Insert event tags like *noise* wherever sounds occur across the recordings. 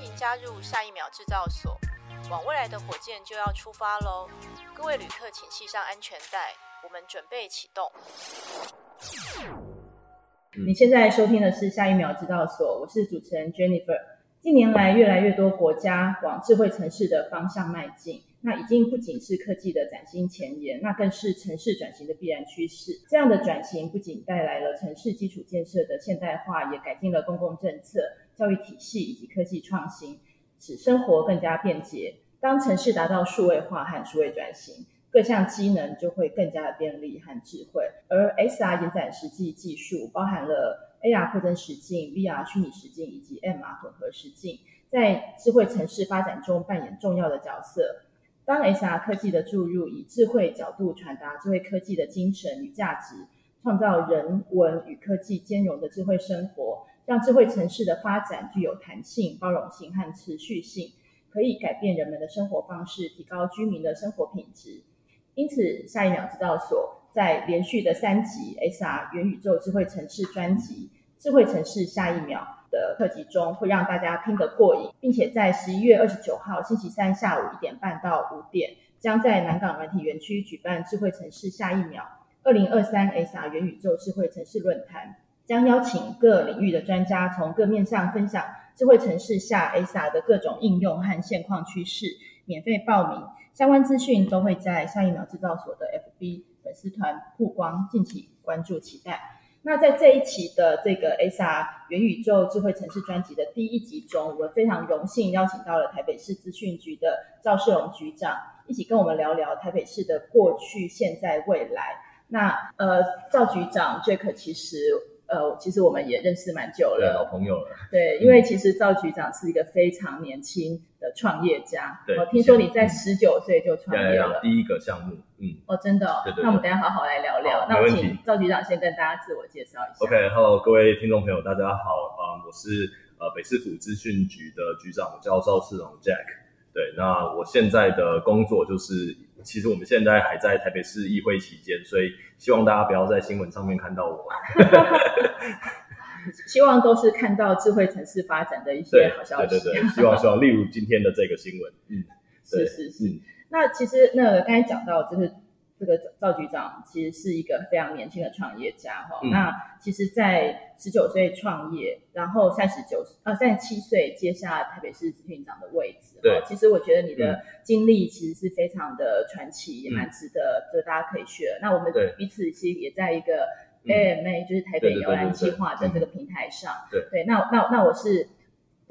歡迎加入下一秒製造所。往未來的火箭就要出發嘍！各位旅客，請繫上安全帶，我們準備啟動。你現在收聽的是下一秒製造所，我是主持人 Jennifer。近年來，越來越多國家往智慧城市的方向邁進。那已經不僅是科技的嶄新前沿，那更是城市轉型的必然趨勢。這樣的轉型不僅帶來了城市基礎建設的現代化，也改進了公共政策。教育體系以及科技創新，使生活更加便捷。當城市達到數位化和數位轉型，各項機能就會更加的便利和智慧。而 XR 延展實境技術，包含了 A R 擴展實境、V R 虛擬實境以及 M R 混合實境，在智慧城市發展中扮演重要的角色。當 XR 科技的注入，以智慧角度傳達智慧科技的精神與價值，創造人文與科技兼容的智慧生活。讓智慧城市的發展具有彈性、包容性和持續性，可以改變人們的生活方式，提高居民的生活品質。因此，下一秒製造所在連續的三集 XR 元宇宙智慧城市專輯《智慧城市下一秒》的特輯中，會讓大家聽得過癮，並且在十一月二十九號星期三下午一點半到五點，將在南港軟體園區舉辦《智慧城市下一秒二零二三 XR 元宇宙智慧城市論壇》。將邀請各領域的專家從各面上分享智慧城市下 XR 的各種應用和現況趨勢。免費報名，相關資訊都會在下一秒制造所的 FB 粉絲團曝光，敬請關注期待。那在這一期的這個 XR 元宇宙智慧城市專輯的第一集中，我們非常榮幸邀請到了台北市資訊局的趙式隆局長，一起跟我們聊聊台北市的過去、現在、未來。那呃，趙局長，Jack 其實。呃，其實我們也認識蠻久了，老朋友了。對，因為其實趙局長是一個非常年輕的創業家，嗯、對，我聽說你在十九歲就創業了，第一個項目，嗯，哦，真的、哦對對對，那我們等下好好來聊聊。對對對，那我請趙局長先跟大家自我介紹一下。哦、OK，Hello，、okay, 各位聽眾朋友，大家好，uh, 我是呃、uh, 北市府資訊局的局長，我叫趙式隆 Jack。對，那我現在的工作就是。其實我們現在還在台北市議會期間，所以希望大家不要在新聞上面看到我。 *laughs* *laughs* 希望都是看到智慧城市發展的一些好消息。啊，對，對對對，希望希望，例如今天的這個新聞，嗯，是是是、嗯。那其實那剛才講到就是。這個趙局長其實是一個非常年輕的創業家哈、嗯，那其實，在十九歲創業，然後三十九啊三十七歲接下台北市資訊長的位置，哈，其實我覺得你的經歷其實是非常的傳奇，嗯、也蠻值得，就、嗯這個、大家可以去、嗯。那我們彼此其實也在一個 A M A，就是台北搖籃計劃的這個平台上，對，對對對對嗯、對那那那我是。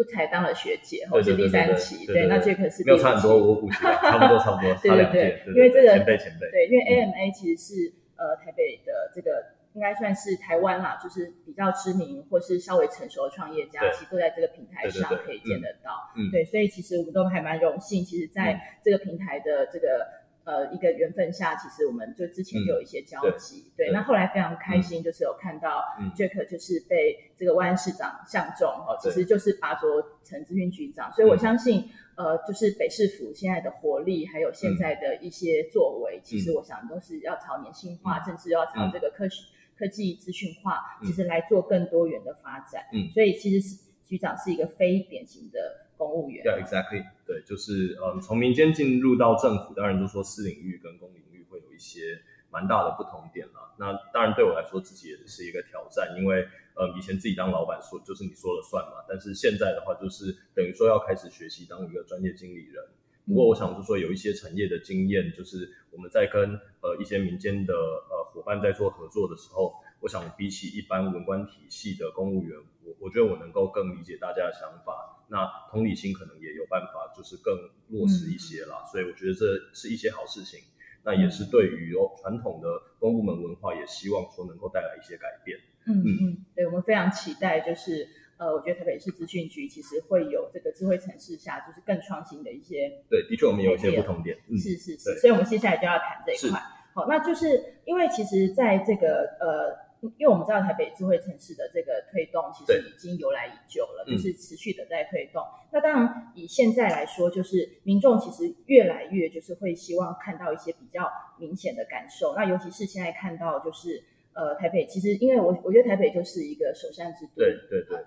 才當了學姐，吼是第三期，對，對，對，對，對，對，那這個是沒有差很多，我估計，差不多差不多， *laughs* 對對，差兩屆對對，因為這個前輩前輩，對，因為 AMA 其實是、嗯、呃台北的這個應該算是台灣啦，嗯、就是比較知名或是稍微成熟的創業家，其實都在這個平台上可以見得到對對對，嗯，對，所以其實我們都還蠻榮幸，其實在這個平台的這個。嗯呃，一個緣分下，其實我們就之前就有一些交集，嗯、對。那後來非常開心，就是有看到、嗯、Jack 就是被這個萬安市長相中，哦、嗯，其實就是拔擢趙式隆局長，所以我相信、嗯，呃，就是北市府現在的活力，嗯、還有現在的一些作為，嗯、其實我想都是要朝年輕化、嗯，甚至要朝這個科學、嗯、科技資訊化、嗯，其實來做更多元的發展。嗯，所以其實是局長是一個非典型的。公務員，對，exactly，對，就是，嗯，從民間進入到政府，當然就說私領域跟公領域會有一些蠻大的不同點了。那當然對我來說自己也是一個挑戰，因為，呃、嗯，以前自己當老闆說就是你說了算嘛，但是現在的話就是等於說要開始學習當一個專業經理人。不過我想就說有一些產業的經驗，就是我們在跟呃一些民間的呃夥伴在做合作的時候。我想比起一般文官體系的公務員，我我覺得我能夠更理解大家的想法，那同理心可能也有辦法，就是更落實一些啦、嗯。所以我覺得這是一些好事情，那、嗯、也是對於傳統的公部門文化，也希望說能夠帶來一些改變。嗯嗯，對，我們非常期待，就是呃，我覺得台北市資訊局其實會有這個智慧城市下，就是更創新的一些。對，的確我們有一些不同點，嗯，是是是，所以我們接下來就要談這一塊。好，那就是因為其實在這個呃。因為我們知道台北智慧城市的這個推動，其實已經由來已久了，就是持續的在推動。嗯、那當然，以現在來說，就是民眾其實越來越就是會希望看到一些比較明顯的感受。那尤其是現在看到，就是呃，台北其實因為我我覺得台北就是一個首善之都，對，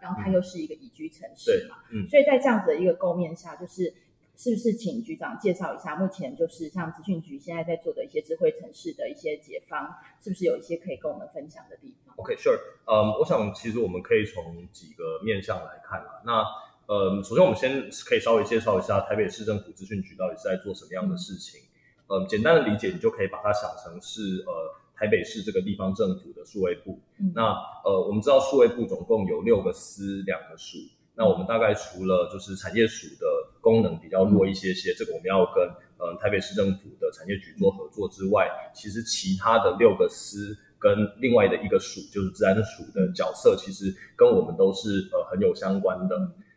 然後、呃、它又是一個宜居城市嘛、嗯嗯，所以在這樣子的一個構面下，就是。是不是請局長介紹一下目前就是像資訊局現在在做的一些智慧城市的一些解方，是不是有一些可以跟我們分享的地方？OK，Sure，嗯，okay, sure. um, 我想其實我們可以從幾個面向來看嘛、啊。那呃、嗯，首先我們先可以稍微介紹一下台北市政府資訊局到底是在做什麼樣的事情。嗯，簡單的理解你就可以把它想成是呃台北市這個地方政府的數位部。嗯、那呃，我們知道數位部總共有六個司兩個署，那我們大概除了就是產業署的。功能比較弱一些些，這個我們要跟嗯，呃，台北市政府的產業局做合作之外，其實其他的六個司跟另外的一個署，就是治安署的角色，其實跟我們都是呃很有相關的。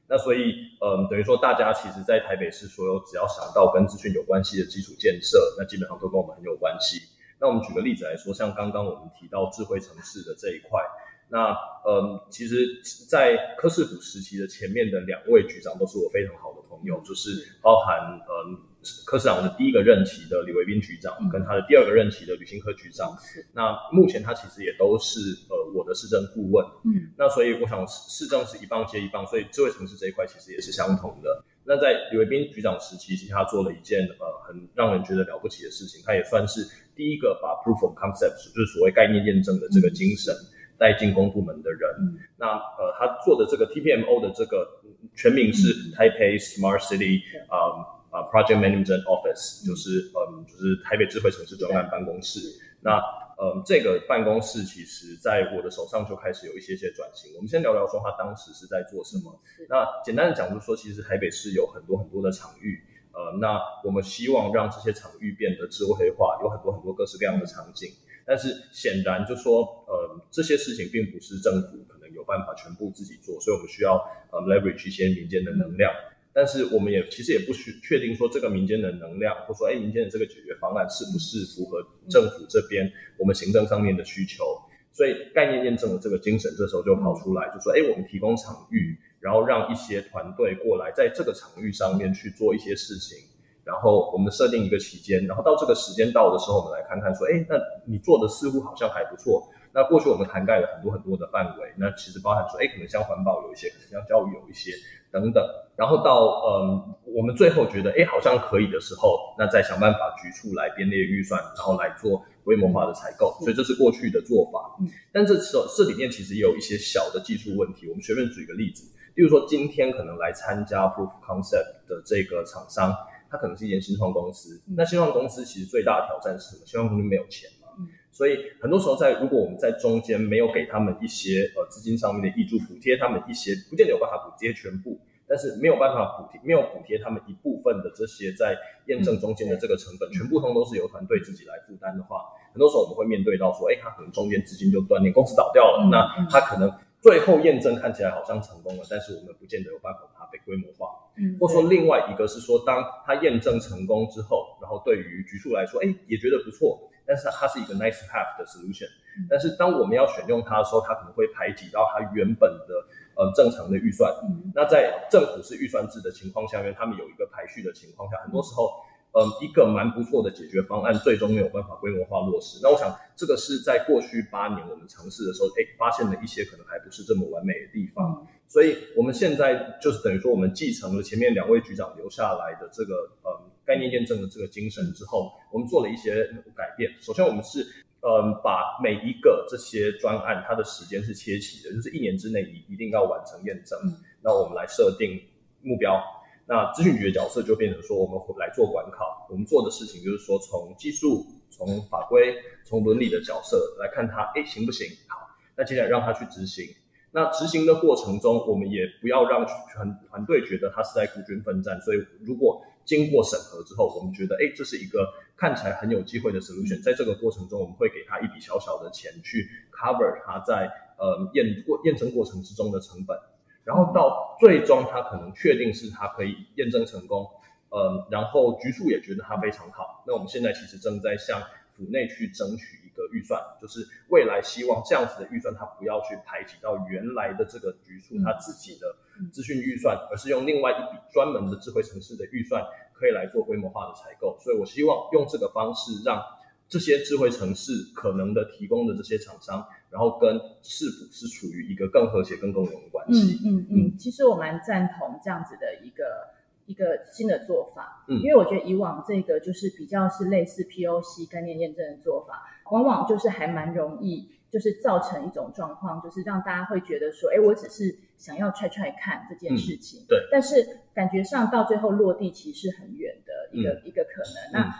那所以嗯，呃，等於說大家其實在台北市所有只要想到跟資訊有關係的基礎建設，那基本上都跟我們很有關係。那我們舉個例子來說，像剛剛我們提到智慧城市的這一塊。那嗯，其實，在柯市府時期的前面的兩位局長都是我非常好的朋友，就是包含嗯、呃、柯市長的第一個任期的李維斌局長，跟他的第二個任期的呂新科局長。那目前他其實也都是呃我的市政顧問。嗯，那所以我想市政是一棒接一棒，所以智慧城市這一塊其實也是相同的。那在李維斌局長時期，其實他做了一件呃很讓人覺得了不起的事情，他也算是第一個把 proof of concepts，就是所謂概念驗證的這個精神。嗯帶進攻部門的人，嗯、那呃，他做的這個 TPMO 的這個全名是 Taipei Smart City 啊、嗯、啊、um, uh, Project Management Office，、嗯、就是嗯，就是台北智慧城市專案辦公室。那嗯、呃，這個辦公室其實在我的手上就開始有一些些轉型。我們先聊聊說他當時是在做什麼。那簡單的講就是說，其實台北市有很多很多的場域，呃，那我們希望讓這些場域變得智慧化，有很多很多各式各樣的場景。但是顯然，就說，呃，這些事情並不是政府可能有辦法全部自己做，所以我們需要呃 leverage 一些民間的能量。但是我們也其實也不確定說這個民間的能量，或說哎民間的這個解決方案是不是符合政府這邊我們行政上面的需求。所以概念驗證的這個精神，這時候就跑出來，就說哎，我們提供場域，然後讓一些團隊過來，在這個場域上面去做一些事情。然後我們設定一個期間，然後到這個時間到的時候，我們來看看說，哎，那你做的似乎好像還不錯。那過去我們涵蓋了很多很多的範圍，那其實包含說，哎，可能像環保有一些，可能像教育有一些，等等。然後到嗯，我們最後覺得，哎，好像可以的時候，那再想辦法局處來編列預算，然後來做規模化的採購。所以這是過去的做法。嗯，但這時候這裡面其實也有一些小的技術問題。我們隨便舉一個例子，例如說今天可能來參加 Proof Concept 的這個廠商。它可能是一間新創公司、嗯，那新創公司其實最大的挑戰是什麼？新創公司沒有錢嘛，嗯、所以很多時候在如果我們在中間沒有給他們一些呃資金上面的挹注補貼他們一些，不見得有辦法補貼全部，但是沒有辦法補貼沒有補貼他們一部分的這些在驗證中間的這個成本，嗯、全部通通都是由團隊自己來負擔的話，很多時候我們會面對到說，哎，他可能中間資金就斷裂，公司倒掉了、嗯，那他可能最後驗證看起來好像成功了，但是我們不見得有辦法把它被規模化。或說，另外一個是說，當他驗證成功之後，然後對於局處來說，哎，也覺得不錯，但是它是一個 nice path 的 solution、嗯。但是當我們要選用它的時候，它可能會排擠到它原本的呃、嗯、正常的預算。嗯、那在政府是預算制的情況下面，因為他們有一個排序的情況下，很多時候，嗯，一個蠻不錯的解決方案，最終沒有辦法規模化落實。那我想，這個是在過去八年我們嘗試的時候，哎，發現了一些可能還不是這麼完美的地方。嗯所以我們現在就是等於說，我們繼承了前面兩位局長留下來的這個呃概念驗證的這個精神之後，我們做了一些改變。首先，我們是嗯、呃、把每一個這些專案，它的時間是切齊的，就是一年之內你一定要完成驗證。那、嗯、我們來設定目標。那資訊局的角色就變成說，我們來做管考。我們做的事情就是說，從技術、從法規、從倫理的角色來看它，哎，行不行？好，那接下來讓它去執行。那執行的過程中，我們也不要讓全團隊覺得他是在孤軍奮戰。所以，如果經過審核之後，我們覺得哎、欸，這是一個看起來很有機會的 solution，、嗯、在這個過程中，我們會給他一筆小小的錢去 cover 他在呃驗、嗯、過驗證過程之中的成本。然後到最終他可能確定是他可以驗證成功，嗯，然後局處也覺得他非常好。那我們現在其實正在向府內去爭取。的預算，就是未來希望這樣子的預算，它不要去排擠到原來的這個局處，它、嗯、自己的資訊預算，而是用另外一筆專門的智慧城市的預算可以來做規模化的採購。所以我希望用這個方式，讓這些智慧城市可能的提供的這些廠商，然後跟市府是處於一個更和諧、更共贏的關係。嗯嗯嗯、嗯，其實我蠻贊同這樣子的一個一個新的做法。嗯，因為我覺得以往這個就是比較是類似 POC 概念驗證的做法。往往就是還蠻容易，就是造成一種狀況，就是讓大家會覺得說，哎，我只是想要 try try 看這件事情、嗯，對。但是感覺上到最後落地其實很遠的一個、嗯、一個可能、嗯。那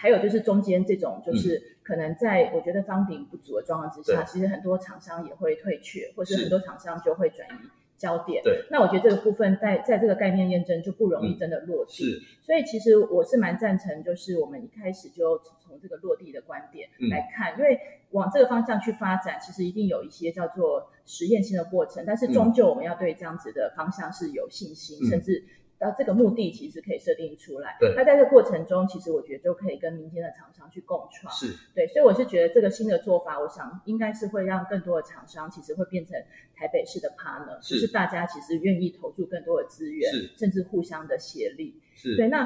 還有就是中間這種，就是可能在我覺得 funding 不足的狀況之下、嗯，其實很多廠商也會退卻，或是很多廠商就會轉移。焦點對，那我覺得這個部分在在這個概念驗證就不容易真的落地，嗯、是、所以其實我是蠻贊成，就是我們一開始就從這個落地的觀點來看、嗯，因為往這個方向去發展，其實一定有一些叫做實驗性的過程，但是終究我們要對這樣子的方向是有信心，嗯、甚至。然後這個目的其實可以設定出來，對。那在這個過程中，其實我覺得就可以跟民間的廠商去共創，是。對，所以我是覺得這個新的做法，我想應該是會讓更多的廠商其實會變成台北市的 partner，是，就是大家其實願意投入更多的資源，是，甚至互相的協力，是。對，那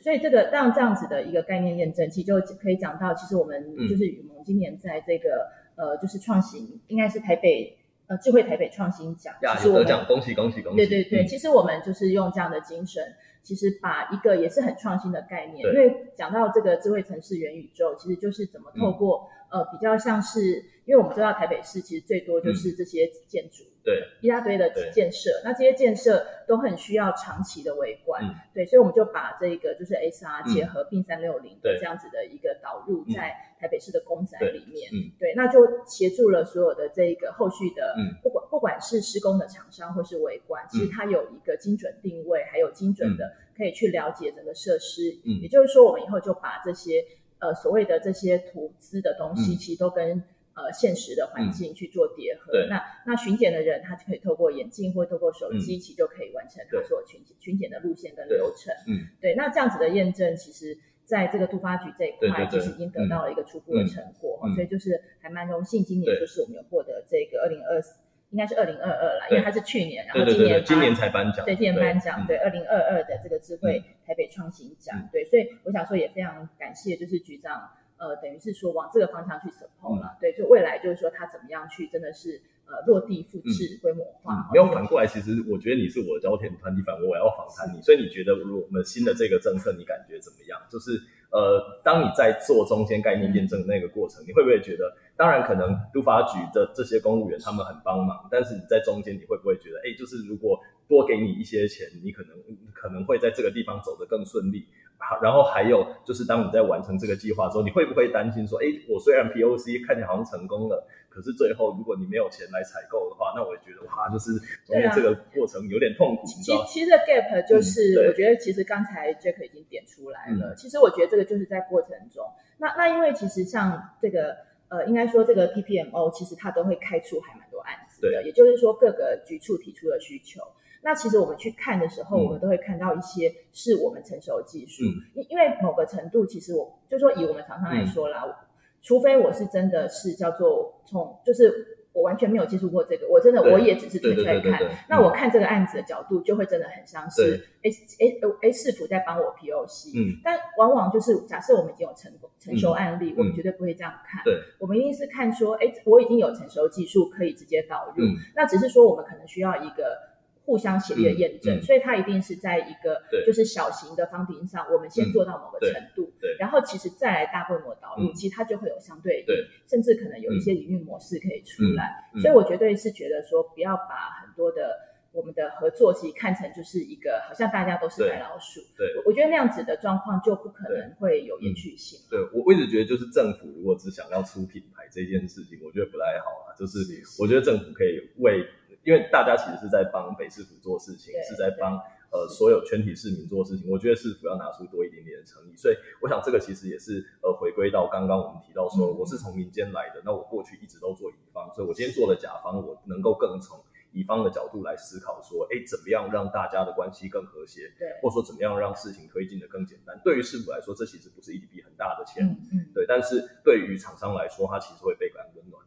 所以這個讓這樣子的一個概念驗證，其實就可以講到，其實我們就是雨萌今年在這個、嗯、呃，就是創新，應該是台北。呃，智慧台北創新獎，其實我們得獎，恭喜恭喜恭喜！對對對、嗯，其實我們就是用這樣的精神，其實把一個也是很創新的概念，對，因為講到這個智慧城市元宇宙，其實就是怎麼透過、嗯。呃，比較像是，因為我們知道台北市其實最多就是這些建築、嗯，對，一大堆的建設，那這些建設都很需要長期的維管、嗯，對，所以我們就把這個就是 H R 結合 P 三六零這樣子的一個導入在台北市的公宅裡面，對，對嗯、對，那就協助了所有的這個後續的，不管不管是施工的廠商或是維管、嗯，其實它有一個精準定位，還有精準的可以去了解整個設施、嗯，也就是說我們以後就把這些。呃，所謂的這些圖資的東西，嗯、其實都跟呃現實的環境去做疊合。嗯、那那巡檢的人，他就可以透過眼鏡或透過手機，嗯、其實就可以完成他所有巡巡檢的路線跟流程。嗯。對。那這樣子的驗證，其實在這個突發局這一塊對對對，其實已經得到了一個初步的成果、嗯哦嗯。所以就是還蠻榮幸，今年就是我們有獲得這個二零二四。應該是二零二二了，因為他是去年對，然後今年對對對對今年才頒獎，對，今年頒獎，對，二零二二的這個智慧台北創新獎、嗯嗯，對，所以我想說也非常感謝，就是局長，呃，等於是說往這個方向去 support 了、嗯，對，就未來就是說他怎麼樣去真的是呃落地複制規模化。嗯嗯嗯嗯嗯、沒有，反過來，其實我覺得你是我的焦點團體，我我要訪談你，所以你覺得我們新的這個政策你感覺怎麼樣？就是。呃，當你在做中間概念驗證的那個過程、嗯，你會不會覺得，當然可能都發局的這些公務員他們很幫忙，但是你在中間你會不會覺得，哎、欸，就是如果。多給，給你一些錢，你可能可能會在這個地方走得更順利。然後還有就是，當你在完成這個計劃之後，你會不會擔心說，哎，我雖然 P O C 看起來好像成功了，可是最後如果你沒有錢來採購的話，那我也覺得哇，就是中間這個過程有點痛苦，你知道嗎？啊、其其，其實的 gap 就是、嗯、我覺得，其實剛才 Jack 已經點出來了、嗯。其實我覺得這個就是在過程中，那那因為其實像這個呃，應該說這個 T P M O，其實它都會開出還蠻多案子的對，也就是說各個局處提出的需求。那其實我們去看的時候、嗯，我們都會看到一些是我們成熟技術。因、嗯、因為某個程度，其實我就是、說以我們常常來說啦、嗯，除非我是真的是叫做從，就是我完全沒有接觸過這個，我真的我也只是純粹看對對對對對對、嗯。那我看這個案子的角度就會真的很像是誒誒誒是否在幫我 POC。嗯。但往往就是假設我們已經有成成熟案例、嗯，我們絕對不會這樣看。對。我們一定是看說，哎、欸，我已經有成熟技術可以直接導入、嗯。那只是說我們可能需要一個。互相協力的驗證、嗯嗯，所以它一定是在一個就是小型的方庭上，我們先做到某個程度，嗯、對對，然後其實再來大規模導入、嗯，其實它就會有相對應，甚至可能有一些營運模式可以出來。嗯嗯、所以，我絕對是覺得說，不要把很多的我們的合作，其實看成就是一個好像大家都是白老鼠。對。對，我覺得那樣子的狀況就不可能會有延續性。對，對我一直覺得，就是政府如果只想要出品牌這件事情，我覺得不太好啊。就是，是，是我覺得政府可以為。因為大家其實是在幫北市府做事情，是在幫呃所有全體市民做事情。我覺得市府要拿出多一點點的誠意，所以我想這個其實也是呃回歸到剛剛我們提到說嗯嗯，我是從民間來的，那我過去一直都做乙方，所以我今天做了甲方，我能夠更從乙方的角度來思考說，哎，怎麼樣讓大家的關係更和諧，對，或者說怎麼樣讓事情推進的更簡單。對於市府來說，這其實不是一筆很大的錢，嗯，嗯，嗯，對，但是對於廠商來說，它其實會倍感溫暖。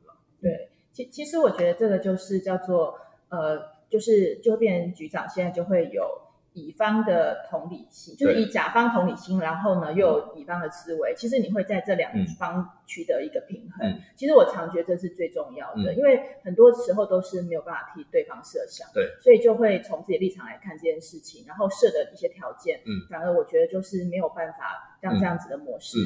其其實我覺得這個就是叫做，呃，就是就變成局長現在就會有乙方的同理心，就是以甲方同理心，然後呢又有乙方的思維，其實你會在這兩方取得一個平衡，嗯。其實我常覺得這是最重要的，嗯，因為很多時候都是沒有辦法替對方設想，對、嗯，所以就會從自己的立場來看這件事情，然後設的一些條件，嗯，反而我覺得就是沒有辦法讓這樣子的模式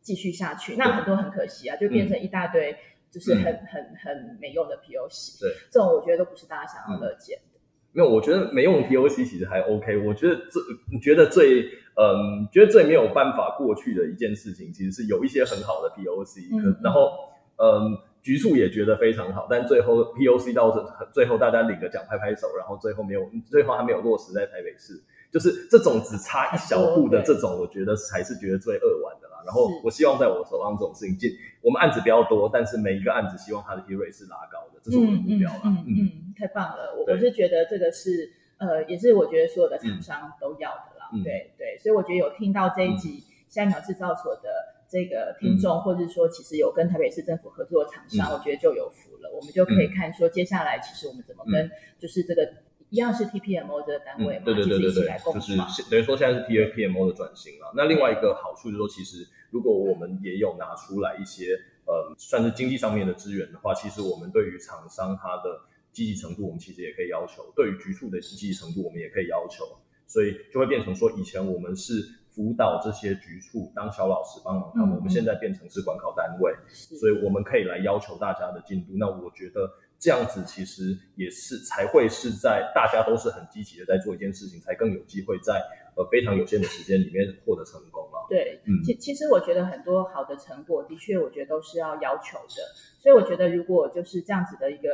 繼續下去。嗯、那很多很可惜啊，嗯、就變成一大堆。就是很、嗯、很很沒用的 POC，對，這種我覺得都不是大家想要樂見的。嗯嗯、沒有，我覺得沒用 POC 其實還 OK。我覺得這，你覺得最，嗯，覺得最沒有辦法過去的一件事情，其實是有一些很好的 POC、嗯、然後，嗯，局處也覺得非常好，但最後 POC 到是最後大家領個獎拍拍手，然後最後沒有，最後還沒有落實在台北市，就是這種只差一小步的這種，啊、我覺得還是覺得最扼腕的。然後我希望在我手上這種事情，進我們案子比較多，但是每一個案子希望它的利、e、潤是拉高的，這是我的目標了。嗯嗯，嗯，嗯，太棒了，我、嗯、我是覺得這個是呃，也是我覺得所有的廠商都要的啦。嗯、對對，所以我覺得有聽到這一集下一秒製造所的這個聽眾、嗯，或者說其實有跟台北市政府合作的廠商、嗯，我覺得就有福了。我們就可以看說接下來其實我們怎麼跟就是這個。一樣是 TPMO 這個單位嘛？嗯、對對對對對，就是等於說現在是 TPMO 的轉型了。那另外一個好處就是說，其實如果我們也有拿出來一些呃，算是經濟上面的資源的話，其實我們對於廠商它的積極程度，我們其實也可以要求；對於局處的積極程度，我們也可以要求。所以就會變成說，以前我們是輔導這些局處，當小老師幫忙他們、嗯，我們現在變成是管考單位，所以我們可以來要求大家的進度。那我覺得。這樣子其實也是才會是在大家都是很積極的在做一件事情，才更有機會在呃非常有限的時間裡面獲得成功了、啊。對，嗯、其其實我覺得很多好的成果的確我覺得都是要要求的，所以我覺得如果就是這樣子的一個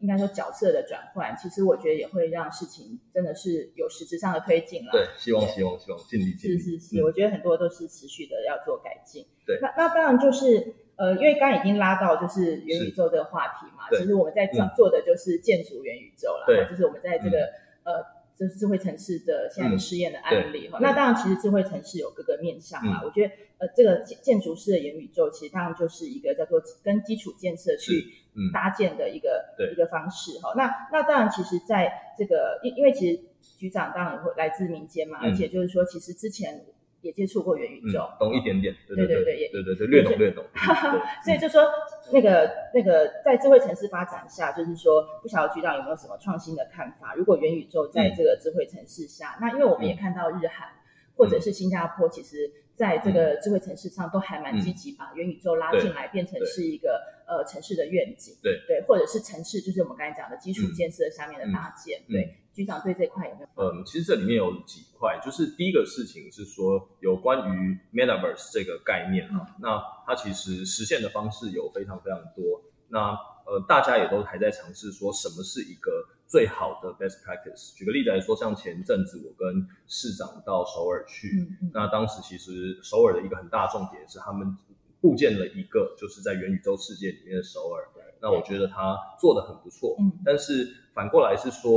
應該說角色的轉換，其實我覺得也會讓事情真的是有實質上的推進了。對，希望希望希望盡力盡力。是是是、嗯，我覺得很多都是持續的要做改進。對，那那當然就是。呃，因為剛剛已經拉到就是元宇宙這個話題嘛，其實我們在做、嗯、做的就是建築元宇宙啦，啊、就是我們在這個、嗯、呃，就是智慧城市的現在的試驗的案例哈、嗯。那當然，其實智慧城市有各個面向嘛，嗯、我覺得呃，這個建築師的元宇宙其實當然就是一個叫做跟基礎建設去搭建的一個、嗯、一個方式哈、哦。那那當然，其實在這個因因為其實局長當然也會來自民間嘛，嗯、而且就是說，其實之前。也接觸過元宇宙、嗯，懂一點點，對對對，對對對也對對,也對對，略懂略懂。嗯、 *laughs* 所以就說、嗯、那個那個在智慧城市發展下，就是說不曉得局長有沒有什麼創新的看法？如果元宇宙在這個智慧城市下，嗯、那因為我們也看到日韓、嗯、或者是新加坡、嗯，其實在這個智慧城市上都還蠻積極，把元宇宙拉進來、嗯、變成是一個、嗯、呃城市的願景、嗯，對，對，或者是城市就是我們剛才講的基礎建設下面的搭建，嗯嗯嗯嗯、對。局長對這塊有沒有？嗯，其實這裡面有幾塊，就是第一個事情是說有關於 Metaverse 這個概念啊、嗯，那它其實實現的方式有非常非常多，那呃大家也都還在嘗試說什麼是一個最好的 best practice。舉個例子來說，像前陣子我跟市長到首爾去、嗯，那當時其實首爾的一個很大重點是他們構建了一個就是在元宇宙世界裡面的首爾。那我覺得他做得很不錯、嗯，但是反過來是說，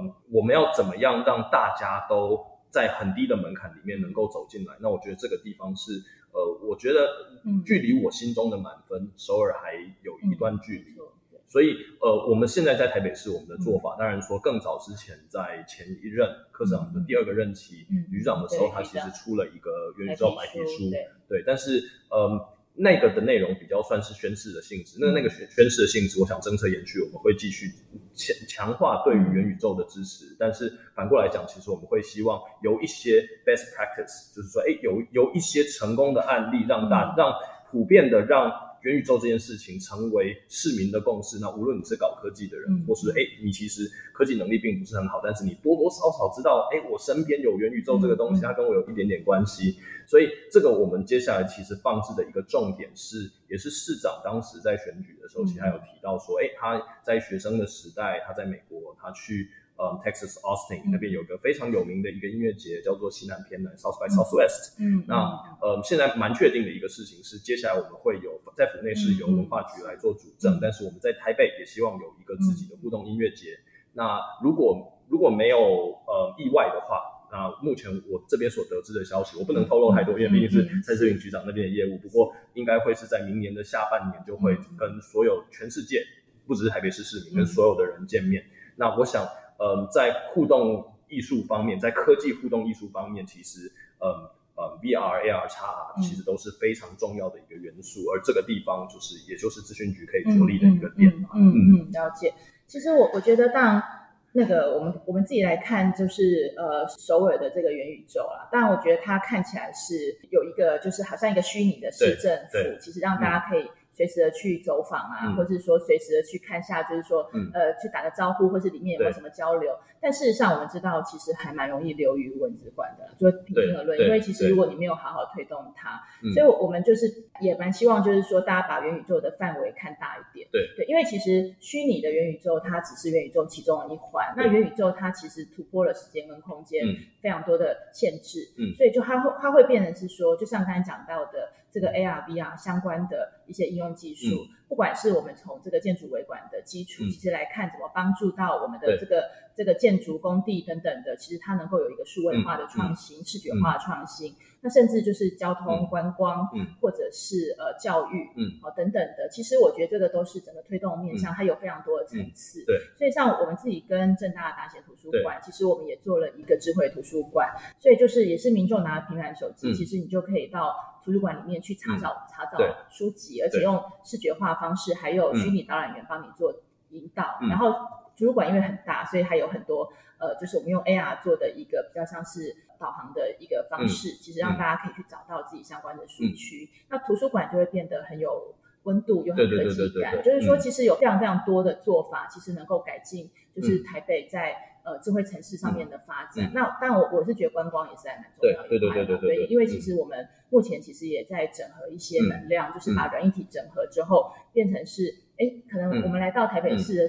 嗯，我們要怎麼樣讓大家都在很低的門檻裡面能夠走進來？那我覺得這個地方是，呃，我覺得距離我心中的滿分，嗯、首爾還有一段距離、嗯。所以，呃，我們現在在台北市我們的做法。嗯、當然說，更早之前在前一任科長的第二個任期，旅、嗯、長的時候，他其實出了一個《元宇宙白皮書》對，對，但是，嗯。那個的內容比較算是宣示的性質，那那個宣宣示的性質，我想政策延續，我們會繼續強強化對於元宇宙的支持。但是反過來講，其實我們會希望有一些 best practice，就是說，哎，有有一些成功的案例，讓大讓普遍的讓。元宇宙這件事情成為市民的共識，那無論你是搞科技的人，或是哎、欸，你其實科技能力並不是很好，但是你多多少少知道，哎、欸，我身邊有元宇宙這個東西，嗯，它跟我有一點點關係。所以這個我們接下來其實放置的一個重點是，也是市長當時在選舉的時候，其實他有提到說，哎、欸，他在學生的時代，他在美國，他去。呃、um，Texas Austin，嗯、那邊有個非常有名的一個音樂節，嗯、叫做西南偏南 （South by Southwest）。嗯，那呃、嗯，現在蠻確定的一個事情是，接下來我們會有在府內是由文化局來做主政、嗯，但是我們在台北也希望有一個自己的互動音樂節。嗯嗯、那如果如果沒有呃意外的話，那目前我這邊所得知的消息，我不能透露太多，嗯、因為畢竟是蔡詩萍局長那邊的業務。不過應該會是在明年的下半年就會跟所有全世界，不只是台北市市民，嗯、跟所有的人見面。嗯、那我想。嗯，在互動藝術方面，在科技互動藝術方面，其實嗯嗯 VR、AR、XR 其實都是非常重要的一個元素，嗯、而這個地方就是也就是資訊局可以着力的一個點嘛。嗯嗯，嗯，嗯，嗯，了解。其實我我覺得，當然那個我們我們自己來看，就是呃，首爾的這個元宇宙啦、啊，當然，我覺得它看起來是有一個，就是好像一個虛擬的市政府，其實讓大家可以、嗯。隨時的去走訪啊，或者是說隨時的去看一下，嗯，就是說呃去打個招呼，或是裡面有沒有什麼交流。嗯，但事實上，我們知道其實還蠻容易流於文字化的，就平心而論，因為其實如果你沒有好好推動它，所以我們就是也蠻希望，就是說大家把元宇宙的範圍看大一點。對對，因為其實虛擬的元宇宙它只是元宇宙其中的一環。那元宇宙它其實突破了時間跟空間非常多的限制，嗯，所以就它會它會變成是說，就像剛才講到的。這個 AR、VR 相關的一些應用技術，嗯，不管是我們從這個建築維管的基礎，嗯，其實來看怎麼幫助到我們的這個這個建築工地等等的，其實它能夠有一個數位化的創新，嗯嗯，視覺化的創新。嗯嗯嗯甚至就是交通、觀光，嗯，或者是呃教育，嗯，好、哦、等等的。其實我覺得這個都是整個推動面向、嗯，它有非常多的層次、嗯。對，所以像我們自己跟政大達賢圖書館，其實我們也做了一個智慧圖書館。所以就是也是民眾拿着平板手機、嗯，其實你就可以到圖書，書館裡面去查找、嗯、查找書籍、嗯，而且用視覺化方式，還有虛擬導覽員幫你做引導。嗯、然後圖書，書館因為很大，所以還有很多呃，就是我們用 AR 做的一個比較像是。導航的一個方式、嗯，其實讓大家可以去找到自己相關的書區。嗯、那圖書館就會變得很有溫度，又很科技感。對對對對對對對就是說，其實有非常非常多的做法，嗯、其實能夠改進，就是台北在、嗯、呃智慧城市上面的發展。嗯嗯、那當然，但我我是覺得觀光也是還蠻重要的一塊，對對對對對對、對、對。所以因為其實我們目前其實也在整合一些能量，嗯、就是把軟硬體整合之後，嗯、變成是，哎，可能我們來到台北市的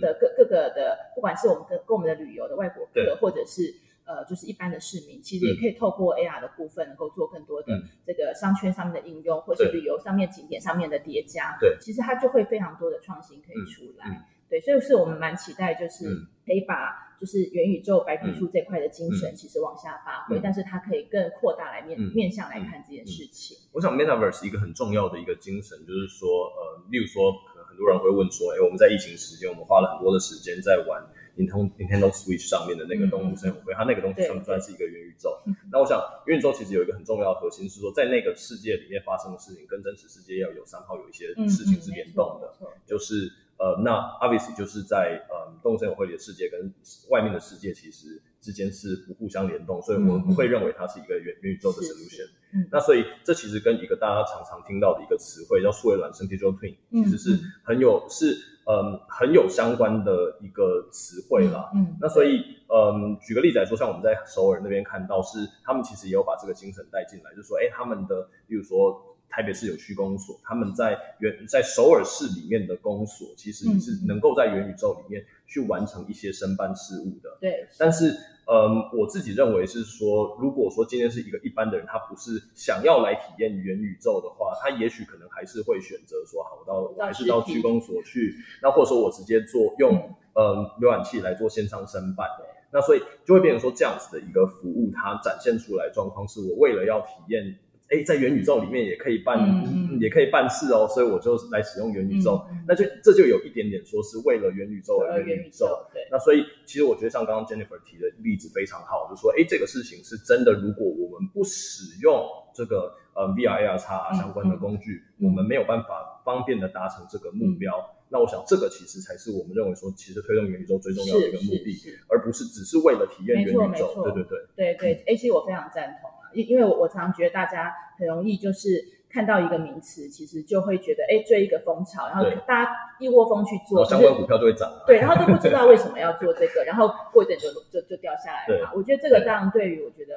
的各各個的、嗯嗯嗯，不管是我們跟跟我們的旅遊的外國客，或者是。呃，就是一般的市民，其實也可以透過 AR 的部分，能夠做更多的這個商圈上面的應用，嗯、或者是旅遊上面景點上面的疊加。對，其實它就會非常多的創新可以出來。嗯嗯、對，所以是我們蠻期待，就是可以把就是元宇宙白皮書這塊的精神，其實往下發揮、嗯，但是它可以更擴大來面、嗯、面向來看這件事情。我想 Metaverse 一個很重要的一個精神，就是說，呃，例如說，可能很多人會問說，哎、欸，我們在疫情時間，我們花了很多的時間在玩。Nintendo Switch 上面的那個動物森友會、嗯、它那個東西算不算是一個元宇宙。那我想，元宇宙其實有一個很重要的核心是說，在那個世界裡面發生的事情，跟真實世界要有三號有一些事情是聯動的，嗯嗯、就是。呃，那 obviously 就是在呃，嗯、動物森友會裡的世界跟外面的世界其實之間是不互相聯動，嗯、所以我們不會認為它是一個元宇宙的 solution。嗯，那所以這其實跟一個大家常常聽到的一個詞彙叫數位孿生 digital twin，其實是很有嗯是嗯很有相關的一個詞彙啦。嗯，那所以嗯，舉個例子來說，像我們在首爾那邊看到是，他們其實也有把這個精神帶進來，就是、說誒他們的比如說。台北市有區公所，他們在元在首爾市裡面的公所，其實是能夠在元宇宙裡面去完成一些申辦事務的。嗯。對。但是，嗯，我自己認為是說，如果說今天是一個一般的人，他不是想要來體驗元宇宙的話，他也許可能還是會選擇說，好，我到，到我還是到區公所去，那或者說我直接做用，嗯，瀏，嗯、覽，嗯、器來做線上申辦。那所以就會變成說，這樣子的一個服務，它展現出來狀況是，我為了要體驗。哎，在元宇宙裡面也可以辦、嗯嗯，也可以辦事哦，所以我就來使用元宇宙，嗯、那就這就有一點點說是為了元宇宙而元宇宙。為了元宇宙對。那所以其實我覺得像剛剛 Jennifer 提的例子非常好，就說哎，這個事情是真的，如果我們不使用這個呃 VRAR、啊嗯、相關的工具、嗯嗯，我們沒有辦法方便的達成這個目標、嗯。那我想這個其實才是我們認為說，其實推動元宇宙最重要的一個目的，而不是只是為了體驗元宇宙。對對對。嗯、對對，啊，其實我非常贊同。因為我常常覺得大家很容易就是看到一個名詞，其實就會覺得哎，追一個風潮，然後大家一窩蜂去做，就是哦、相關股票就會漲、啊。對， *laughs* 對，然後都不知道為什麼要做這個，然後過一陣就就就掉下來了。我覺得這個當然對於我覺得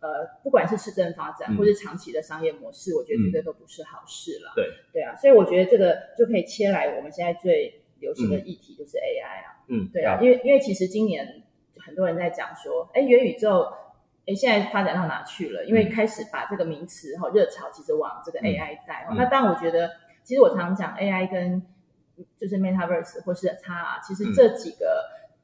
呃不管是市政發展、嗯、或是長期的商業模式，我覺得對這個都不是好事了、嗯。對，對啊，所以我覺得這個就可以切來我們現在最流行的議題就是 AI 啊。嗯，對啊，嗯、因為因為其實今年很多人在講說哎，元宇宙。欸，現在發展到哪去了？因為開始把這個名詞哈、哦嗯、熱潮，其實往這個 AI 帶。嗯、那當然，我覺得、嗯、其實我常常講 AI 跟就是 Metaverse 或是 XR，其實這幾個、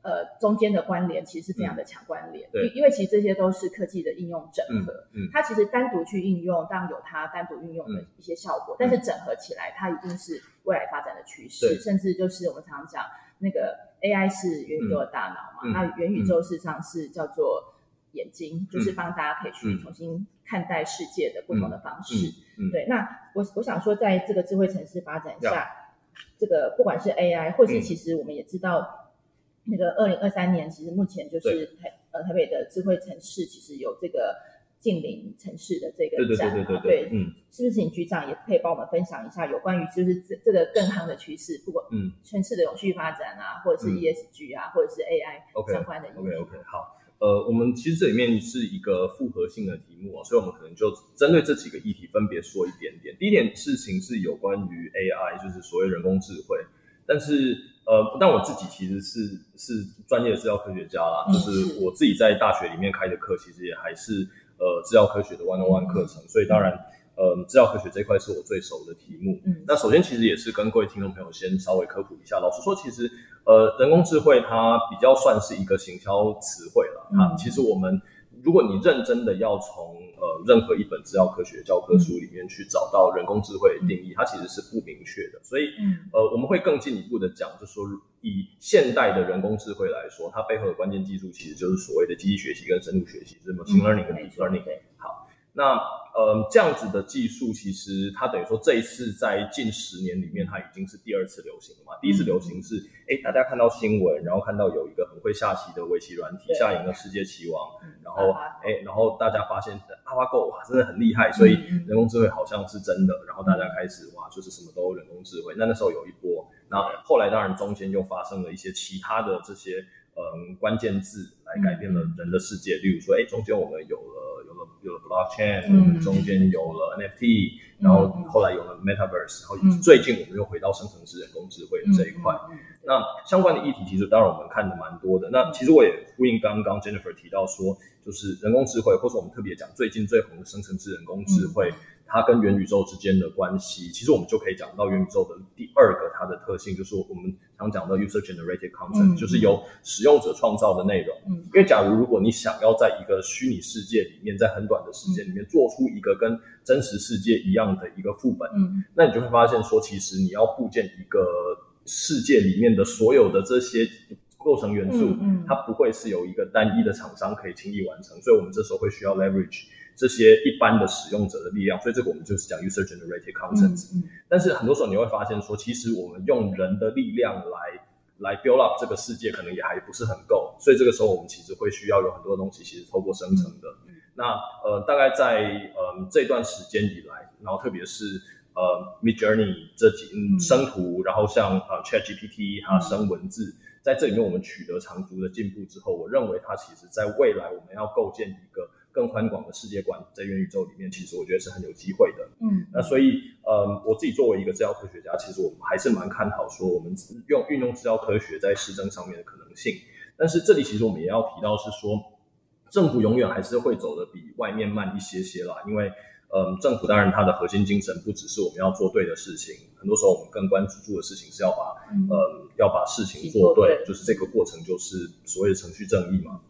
嗯、呃中間的關聯其實是非常的強關聯。對、嗯，因為其實這些都是科技的應用整合。嗯嗯嗯、它其實單獨去應用，當然有它單獨運用的一些效果、嗯嗯，但是整合起來，它一定是未來發展的趨勢。嗯、甚至就是我們常常講那個 AI 是元宇宙的大腦嘛？嗯嗯、那元宇宙事實上是叫做。眼睛就是幫大家可以去重新看待世界的不同的方式。嗯嗯嗯、對，那我我想說，在這個智慧城市發展下，yeah. 這個不管是 AI，或是其實我們也知道，那個二零二三年，其實目前就是台呃台北的智慧城市，其實有這個近鄰城市的這個展、啊、對對對對對嗯，是不是？請局長也可以幫我們分享一下有關於就是這這個更夯的趨勢，不管嗯城市的永續發展啊，或者是 ESG 啊，嗯、或者是 AI 相關的 okay, OK OK 好。呃，我們其實這裡面是一個複合性的題目啊，所以我們可能就針對這幾個議題分別說一點點。第一點事情是有關於 AI，就是所謂人工智慧。但是呃，不但我自己其實是是專業的資料科學家啦，就是我自己在大學裡面開的課，其實也還是呃資料科學的101課程，所以當然呃資料科學這一塊是我最熟的題目。嗯，那首先其實也是跟各位聽眾朋友先稍微科普一下，老實說，其實呃人工智慧它比較算是一個行銷詞彙。啊、嗯嗯，其實我們如果你認真的要從呃任何一本資料科學教科書裡面去找到人工智慧的定義，嗯、它其實是不明確的。所以，嗯，呃，我們會更進一步的講，就是說以現代的人工智慧來說，它背後的關鍵技術其實就是所謂的機器學習跟深度學習，是 machine learning、嗯、跟 deep learning. 好。那呃、嗯，這樣子的技術，其實它等於說這一次在近十年裡面，它已經是第二次流行了嘛。第一次流行是，哎、嗯欸，大家看到新聞、嗯，然後看到有一個很會下棋的圍棋軟體，嗯、下贏了世界棋王、嗯，然後哎、嗯欸，然後大家發現阿巴狗哇，真的很厲害，所以人工智慧好像是真的、嗯，然後大家開始哇，就是什麼都有人工智慧。那那時候有一波，嗯、那後來當然中間又發生了一些其他的這些嗯關鍵字來改變了人的世界，嗯、例如說，哎、欸，中間我們有了。有了 blockchain，我、嗯、們中間有了 NFT，、嗯、然後後來有了 Metaverse，、嗯、然後最近我們又回到生成式人工智慧這一塊、嗯。那相關的議題其實當然我們看得蠻多的、嗯。那其實我也呼應剛剛 Jennifer 提到說，就是人工智慧，或是我們特別講最近最紅的生成式人工智慧。嗯嗯它跟元宇宙之間的關係，其實我們就可以講到元宇宙的第二個它的特性，就是我們常講到 user generated content，嗯嗯就是由使用者創造的內容。嗯。因為假如如果你想要在一個虛擬世界裡面，在很短的時間裡面做出一個跟真實世界一樣的一個副本，嗯。那你就會發現說，其實你要構建一個世界裡面的所有的這些構成元素，嗯嗯它不會是由一個單一的廠商可以輕易完成，所以我們這時候會需要 leverage。這些一般的使用者的力量，所以這個我們就是講 user generated content、嗯。但是很多時候你會發現說，其實我們用人的力量來來 build up 這個世界，可能也還不是很夠。所以這個時候我們其實會需要有很多東西，其實透過生成的。嗯、那呃，大概在呃這段時間以來，然後特別是呃 Midjourney 這幾嗯生圖，然後像、呃、ChatGPT 它生文字、嗯，在這裡面我們取得長足的進步之後，我認為它其實在未來我們要構建一個。更寬廣的世界觀，在元宇宙裡面，其實我覺得是很有機會的。嗯，那所以，呃，我自己作為一個資料科學家，其實我們還是蠻看好說我們用運用資料科學在施政上面的可能性。但是這裡其實我們也要提到是說，政府永遠還是會走得比外面慢一些些啦。因為，嗯、呃，政府當然它的核心精神不只是我們要做對的事情，很多時候我們更關注注的事情是要把，嗯、呃，要把事情做對、嗯，就是這個過程就是所謂的程序正義嘛。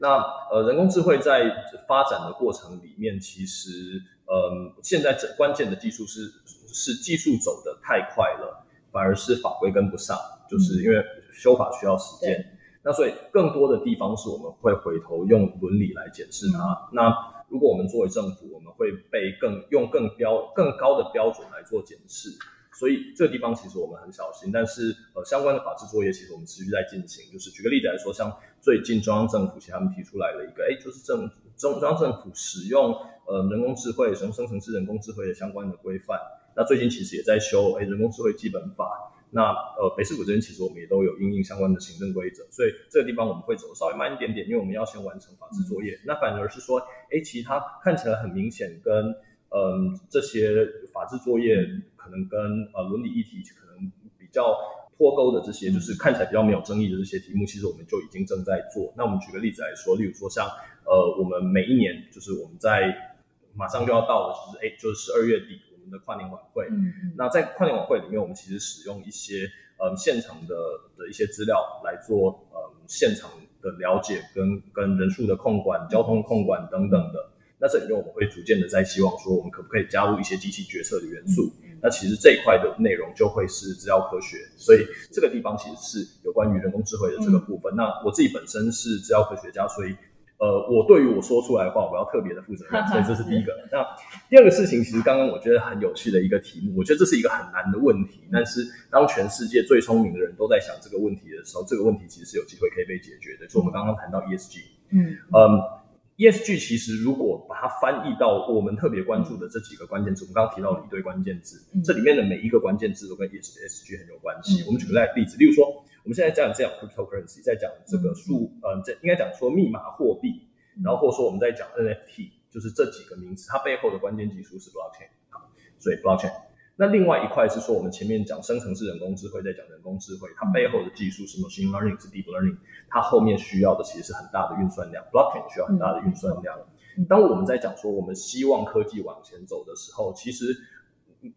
那呃，人工智慧在發展的過程裡面，其實嗯、呃，現在這關鍵的技術是是技術走得太快了，反而是法規跟不上，就是因為修法需要時間，嗯。那所以更多的地方是我們會回頭用倫理來檢視它，嗯。那如果我們作為政府，我們會被更用更標更高的標準來做檢視。所以這個地方其實我們很小心，但是呃相關的法制作業其實我們持續在進行。就是舉個例子來說，像最近中央政府其實他們提出來了一個，哎，就是政府中，中央政府使用呃人工智慧，什麼生成式人工智慧的相關的規範。那最近其實也在修，哎，人工智慧基本法。那呃，北市府這邊其實我們也都有因應用相關的行政規則，所以這個地方我們會走稍微慢一點點，因為我們要先完成法制作業。嗯、那反而是說，哎，其他看起來很明顯跟嗯、呃、這些法制作業。可能跟呃倫理議題可能比較脫鈎的這些，就是看起來比較沒有爭議的這些題目，其實我們就已經正在做。那我們舉個例子來說，例如說像呃我們每一年就是我們在馬上就要到了，就是誒，就是哎就是十二月底我們的跨年晚會，嗯，那在跨年晚會裡面，我們其實使用一些呃現場的的一些資料來做呃現場的了解跟跟人數的控管、嗯，交通控管等等的。那這裡面我們會逐漸的在希望說，我們可不可以加入一些機器決策的元素？嗯嗯、那其實這一塊的內容就會是資料科學，所以這個地方其實是有關於人工智慧的這個部分。嗯、那我自己本身是資料科學家，所以呃，我對於我說出來的話，我要特別的負責任。所以這是第一個。嗯、那第二個事情，其實剛剛我覺得很有趣的一個題目，我覺得這是一個很難的問題，但是當全世界最聰明的人都在想這個問題的時候，這個問題其實是有機會可以被解決的。就我們剛剛談到 ESG，嗯嗯。嗯 ESG 其實如果把它翻譯到我們特別關注的這幾個關鍵詞，我們剛剛提到了一堆關鍵字，這裡面的每一個關鍵字都跟 ESG 很有關係。嗯、我們舉個例子，例如說，我們現在在講這 cryptocurrency，在講這個數，嗯，呃、在應該講說密碼貨幣，然後或者說我們在講 NFT，就是這幾個名詞，它背後的關鍵技術是 blockchain，所以 blockchain。那另外一塊是說，我們前面講生成式人工智慧，在講人工智慧，它背後的技術是 machine learning，是 deep learning，它後面需要的其實是很大的運算量，blockchain 需要很大的運算量。當我們在講說我們希望科技往前走的時候，其實，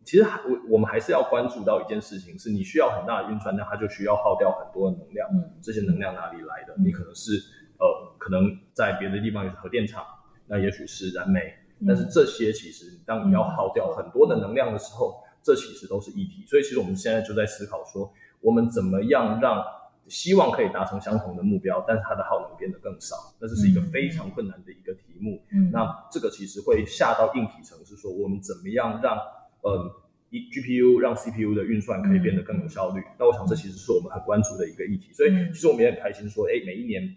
其實我我們還是要關注到一件事情，是你需要很大的運算量，它就需要耗掉很多的能量。這些能量哪裡來的？你可能是呃，可能在別的地方有核電廠，那也許是燃煤，但是這些其實當你要耗掉很多的能量的時候，這其實都是議題，所以其實我們現在就在思考說，我們怎麼樣讓希望可以達成相同的目標，但是它的耗能變得更少。那這是一個非常困難的一個題目。嗯、那這個其實會下到硬體層，是說我們怎麼樣讓，嗯、呃一 GPU 讓 CPU 的運算可以變得更有效率。那、嗯、我想這其實是我們很關注的一個議題。所以其實我們也很開心說，哎，每一年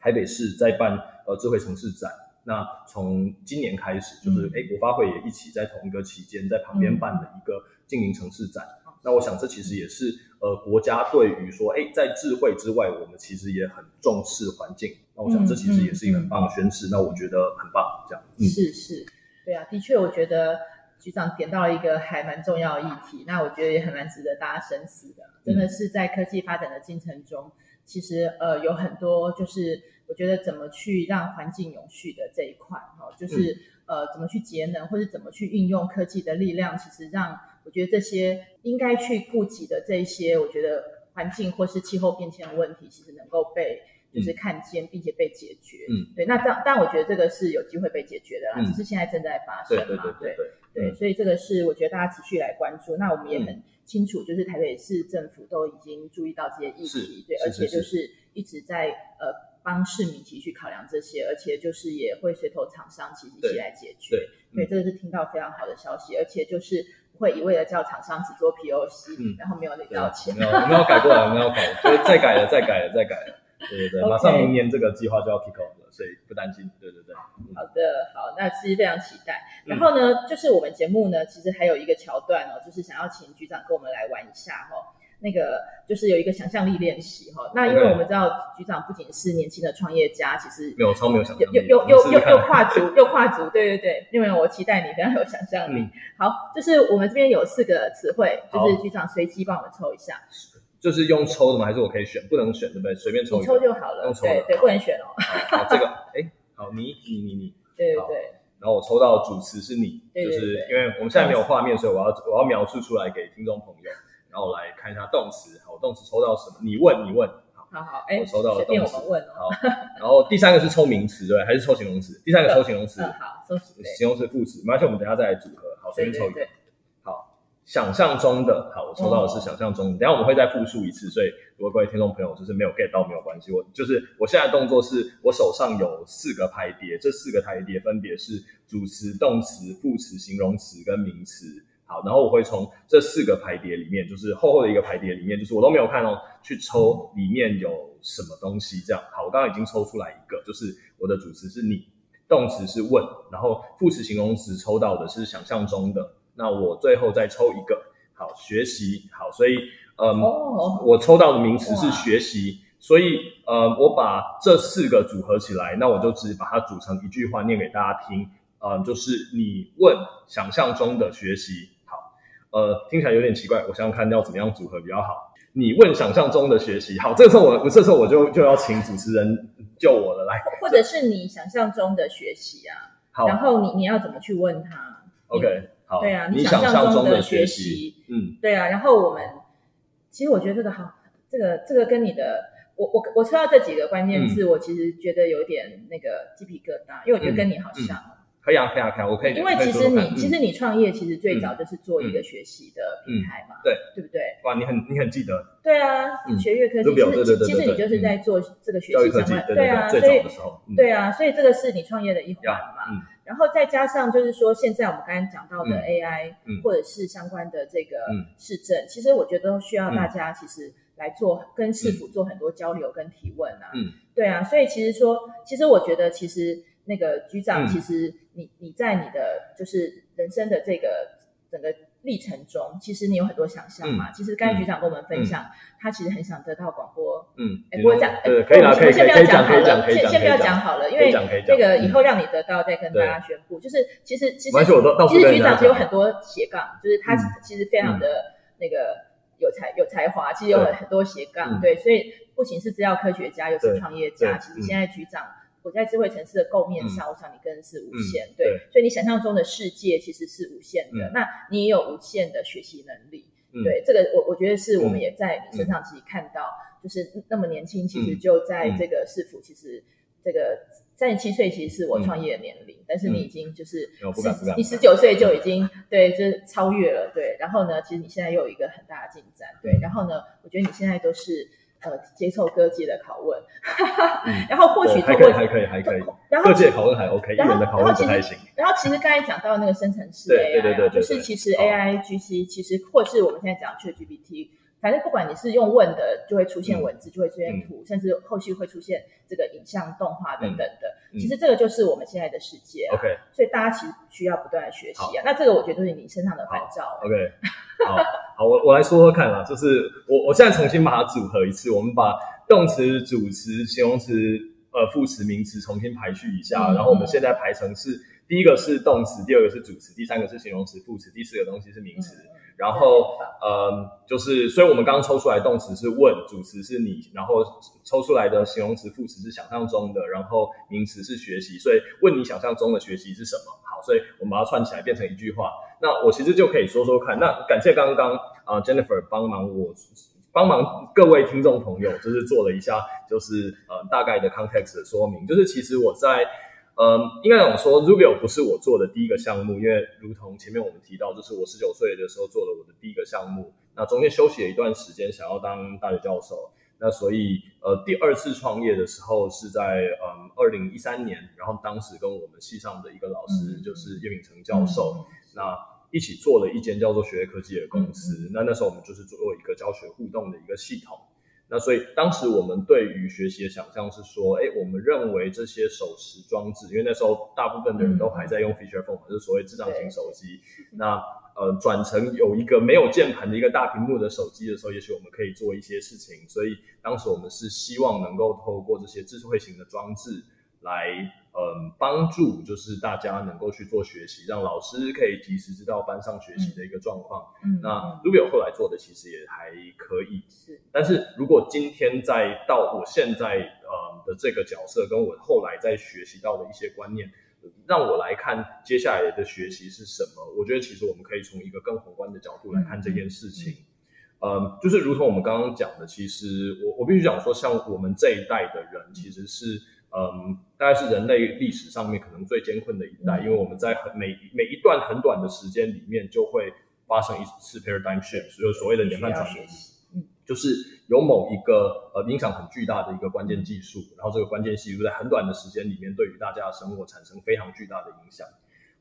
台北市在辦呃智慧城市展。那從今年開始，就是誒、嗯欸，國發會也一起在同一個期間，在旁邊辦了一個“淨零城市展”嗯。那我想，這其實也是呃，國家對於說，誒、欸，在智慧之外，我們其實也很重視環境、嗯。那我想，這其實也是一個很棒的宣示。嗯、那我覺得很棒，這樣子。是是，對啊，的確，我覺得局長點到了一個還蠻重要的議題。啊、那我覺得也蠻值得大家深思的，真的是在科技發展的進程中，嗯、其實呃，有很多就是。我覺得怎麼去讓環境永續的這一塊，哈，就是、嗯、呃，怎麼去節能，或是怎麼去運用科技的力量，其實讓我覺得這些應該去顧及的這一些，我覺得環境或是氣候變遷的問題，其實能夠被就是看見、嗯，並且被解決。嗯，對。那這樣，但我覺得這個是有機會被解決的啦，嗯、只是現在正在發生嘛。對對對,對,對,對,對,對、嗯。所以這個是我覺得大家持續來關注。那我們也很清楚，嗯、就是台北市政府都已經注意到這些議題，對，而且就是一直在呃。幫市民提去考量這些，而且就是也會隨同廠商一起來解決，對以、嗯、這個是聽到非常好的消息，而且就是不會一味的叫廠商只做 P O C，、嗯、然後沒有領到錢，沒有沒有,沒有改過來，沒有改，所 *laughs* 以再改了，再改了，再改了，對對對，okay. 馬上明年這個計劃就要 kick off 了，所以不擔心，對對對，好的好，那其實非常期待。然後呢、嗯，就是我們節目呢，其實還有一個橋段哦，就是想要請局長跟我們來玩一下哦。那個就是有一個想象力練習哈，那因為我們知道局長不僅是年輕的創業家，其實沒有抽，沒有想象力，又又又又跨足，又跨足。對對對，因為，我期待你非常有想象力、嗯。好，就是我們這邊有四個詞彙，就是局長隨機幫我們抽一下，就是用抽的嗎？還是我可以選？不能選，對不對？隨便抽，你抽就好了，用抽對對，不能選哦。好好這個，哎、欸，好，你你你你，對對對，然後我抽到主持是你，就是因為我們現在沒有畫面，所以我要我要描述出來給聽眾朋友。好，來看一下動詞。好，動詞抽到什麼？你問，你問。好好，好，我抽到的動詞我問了。好，然後第三個是抽名詞，對，還是抽形容詞？第三個抽形容詞。好，形容詞、副詞。沒關係，我們等一下再來組合。好，隨便抽一個。好，想象中的好。好，我抽到的是想象中的、嗯。等一下我們會再複述一次，所以如果各位聽眾朋友就是沒有 get 到沒有關係，我就是我現在動作是我手上有四個牌疊，這四個牌疊分別是主詞、動詞、副詞、形容詞跟名詞。好，然後我會從這四個牌疊裡面，就是厚厚的一個牌疊裡面，就是我都沒有看哦，去抽裡面有什麼東西。這樣，好，我剛剛已經抽出來一個，就是我的主詞是你，動詞是問，然後副詞形容詞抽到的是想象中的，那我最後再抽一個，好，學習，好，所以，嗯，oh, oh. 我抽到的名詞是學習，wow. 所以，嗯，我把這四個組合起來，那我就只把它組成一句話唸給大家聽，嗯，就是你問想象中的學習。呃，聽起來有點奇怪，我想想看要怎麼樣組合比較好。你問想象中的學習，好，這個時候我，這個時候我就就要請主持人救我了，來，或者是你想象中的學習啊，好，然後你你要怎麼去問他？OK，好，對啊你，你想象中的學習，嗯，對啊，然後我們其實我覺得這個好，這個這個跟你的，我我我抽到這幾個關鍵字，嗯，我其實覺得有點那個雞皮疙瘩，因為我覺得跟你好像。嗯嗯可以啊，可以啊，可以、啊，我可以。因為其實你做做、嗯，其實你創業其實最早就是做一個學習的平台嘛，嗯嗯、對對不對？哇，你很你很記得。對啊，嗯、學悅科技對對對對其實其實你就是在做這個學習相關、嗯啊嗯，對啊，所以對啊，所以這個是你創業的一環嘛。嗯、然後再加上就是說，現在我們剛剛講到的 AI、嗯、或者是相關的這個市政、嗯，其實我覺得都需要大家其實來做跟市府、嗯、做很多交流跟提問啊。嗯，對啊，所以其實說，其實我覺得其實那個局長其實、嗯。你你在你的就是人生的這個整個歷程中，其實你有很多想象嘛。嗯、其實，剛才局長跟我們分享、嗯，他其實很想得到廣播。嗯，哎、欸，我講，對、欸欸，可以了，我們先，先，先不要講好了，先先不要講好了，因為那個以後讓你得到再跟大家宣布。宣布宣布就是其實其實其實局長是有很多斜槓、嗯，就是他其實非常的那個有才、嗯、有才華，其實有很很多斜槓對對。對，所以不僅是資料科學家，又是創業家。其實現在局長。在智慧城市的構面上，嗯、我想你更是無限、嗯、對，所以你想象中的世界其實是無限的。嗯、那你也有無限的學習能力，嗯、對這個我我覺得是我們也在你身上其實看到，嗯、就是那麼年輕、嗯，其實就在這個市府，嗯、其實這個三十七歲其實是我創業的年齡、嗯，但是你已經就是、嗯、十、你十九歲就已經、嗯、對，就是超越了對。然後呢，其實你現在又有一個很大的進展，對。然後呢，我覺得你現在都是。呃，接受各界的拷問哈哈、嗯，然後或許還可以，還可以，還可以，各界拷問還 OK，然後一人的拷問不太行。然後， *laughs* 然後其實剛才講到那個生成式 AI，、啊、對對對對對就是其實 AI、哦、GC，其實或是我們現在講 ChatGPT，反正不管你是用問的，哦、就會出現文字，嗯、就會出現圖，甚至後續會出現這個影像、動畫等等的、嗯嗯。其實這個就是我們現在的世界、啊。OK，、嗯、所以大家其實需要不斷的學習啊、嗯。那這個我覺得就是你身上的牌照、啊嗯嗯、OK。 *laughs* 好，我我來說說看啦，就是我我現在，重新把它組合一次，我們把動詞、主詞、形容詞、呃副詞、名詞重新排序一下，然後我們現在排成是第一個是動詞，第二個是主詞，第三個是形容詞、副詞，第四個東西是名詞。然後呃，就是所以我們剛剛抽出來動詞是問，主詞是你，然後抽出來的形容詞、副詞是想象中的，然後名詞是學習，所以問你想象中的學習是什麼？好，所以我們把它串起來變成一句話。那我其實就可以說說看，那感謝剛剛啊、呃、Jennifer 幫忙我，幫忙各位聽眾朋友，就是做了一下，就是呃大概的 context 的說明。就是其實我在嗯、呃、應該怎麼說 Rubio 不是我做的第一個項目，因為如同前面我們提到，就是我十九歲的時候做的我的第一個項目，那中間休息了一段時間，想要當大學教授，那所以呃第二次創業的時候是在嗯二零一三年，然後當時跟我們系上的一個老師、嗯、就是葉秉成教授。嗯那一起做了一間叫做學業科技的公司，嗯嗯。那那時候我們就是做一個教學互動的一個系統。那所以當時我們對於學習的想象是說，哎、欸，我們認為這些手持裝置，因為那時候大部分的人都還在用 feature phone，就、嗯嗯、是所謂智障型手機。那呃，轉成有一個沒有鍵盤的一個大屏幕的手機的時候，也許我們可以做一些事情。所以當時我們是希望能夠透過這些智慧型的裝置。來，嗯，幫助就是大家能夠去做學習，讓老師可以及時知道班上學習的一個狀況。嗯、那如果有後來做的，其實也還可以。是，但是如果今天再到我現在呃、嗯、的這個角色，跟我後來再學習到的一些觀念，讓我來看接下來的學習是什麼，我覺得其實我們可以從一個更宏觀的角度來看這件事情。嗯，嗯嗯，就是如同我們剛剛講的，其實我我必須講說，像我們這一代的人，嗯、其實是。嗯，大概是人類歷史上面可能最艱困的一代，嗯，因為我們在很每每一段很短的時間裡面就會發生一次 paradigm shift，就所謂的典範轉移。嗯，就是有某一個呃影響很巨大的一個關鍵技術，嗯，然後這個關鍵技術在很短的時間裡面對於大家的生活產生非常巨大的影響。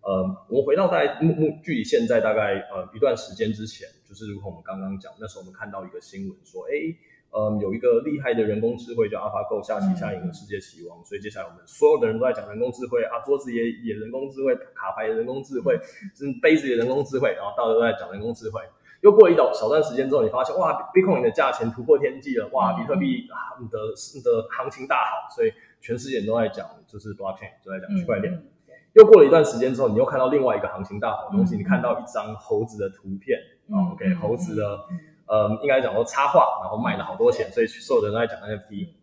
呃、嗯、我們回到在目目距離現在大概呃一段時間之前，就是如果我們剛剛講，那時候我們看到一個新聞說，哎。呃、嗯、有一個厲害的人工智慧叫 AlphaGo，下棋下贏了世界棋王、嗯嗯。所以接下來我們所有的人都在講人工智慧，啊桌子也也人工智慧，卡牌也人工智慧，嗯嗯杯子也人工智慧。然後大家都在講人工智慧，又過了一小段時間之後，你發現哇，Bitcoin 的價錢突破天際了，哇，嗯、比特幣、啊、你的你的，你的行情大好，所以全世界都在講就是 Blockchain，都在講區塊鏈。又過了一段時間之後，你又看到另外一個行情大好的東西，嗯嗯你看到一張猴子的圖片嗯嗯、哦、ok 嗯嗯猴子的。呃、嗯，應該講說插畫，然後賣了好多錢，所以所有人都在講 NFT、嗯。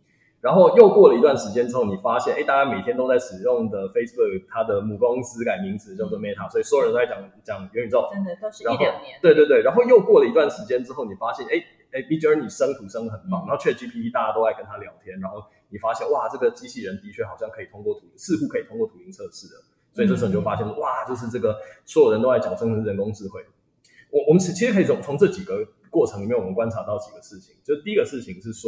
然後又過了一段時間之後，你發現，哎、欸，大家每天都在使用的 Facebook，它的母公司改名字叫做 Meta，所以所有人都在講講元宇宙。真的都是一兩年。對對對，然後又過了一段時間之後，你發現，哎、欸、哎，Midjourney 你生圖生的很棒，然後 ChatGPT 大家都在跟他聊天，然後你發現，哇，這個機器人的確好像可以通過圖，似乎可以通過圖靈測試的。所以這時候你就發現，嗯、哇，就是這個所有人都在講，生成人工智慧。嗯、我我們其實可以從從這幾個。過程裡面，我們觀察到幾個事情，就第一個事情是說，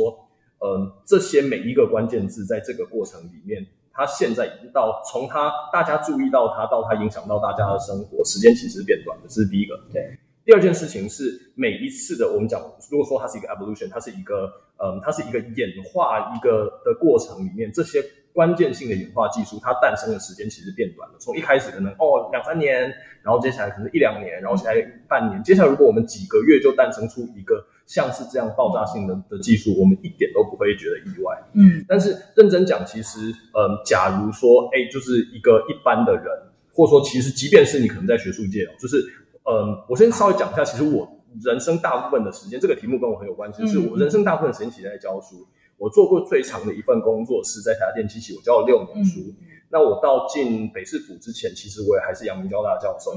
嗯、呃，這些每一個關鍵字在這個過程裡面，它現在已經到從它大家注意到它到它影響到大家的生活，時間其實變短了，這是第一個。對、嗯，第二件事情是每一次的我們講，如果說它是一個 evolution，它是一個，嗯、呃，它是一個演化一個的過程裡面，這些。關鍵性的演化技術，它誕生的時間其實變短了。從一開始可能哦兩三年，然後接下來可能一兩年，然後接下來半年，接下來如果我們幾個月就誕生出一個像是這樣爆炸性的的技術，我們一點都不會覺得意外。嗯。但是認真講，其實嗯、呃，假如說哎，就是一個一般的人，或者說其實即便是你可能在學術界，就是嗯、呃，我先稍微講一下，其實我人生大部分的時間，這個題目跟我很有關係，就是我人生大部分的時間其實在教書。嗯嗯。我做過最長的一份工作是在台大電機系，我教了六年書。嗯、那我到進北市府之前，其實我也還是陽明交大教授。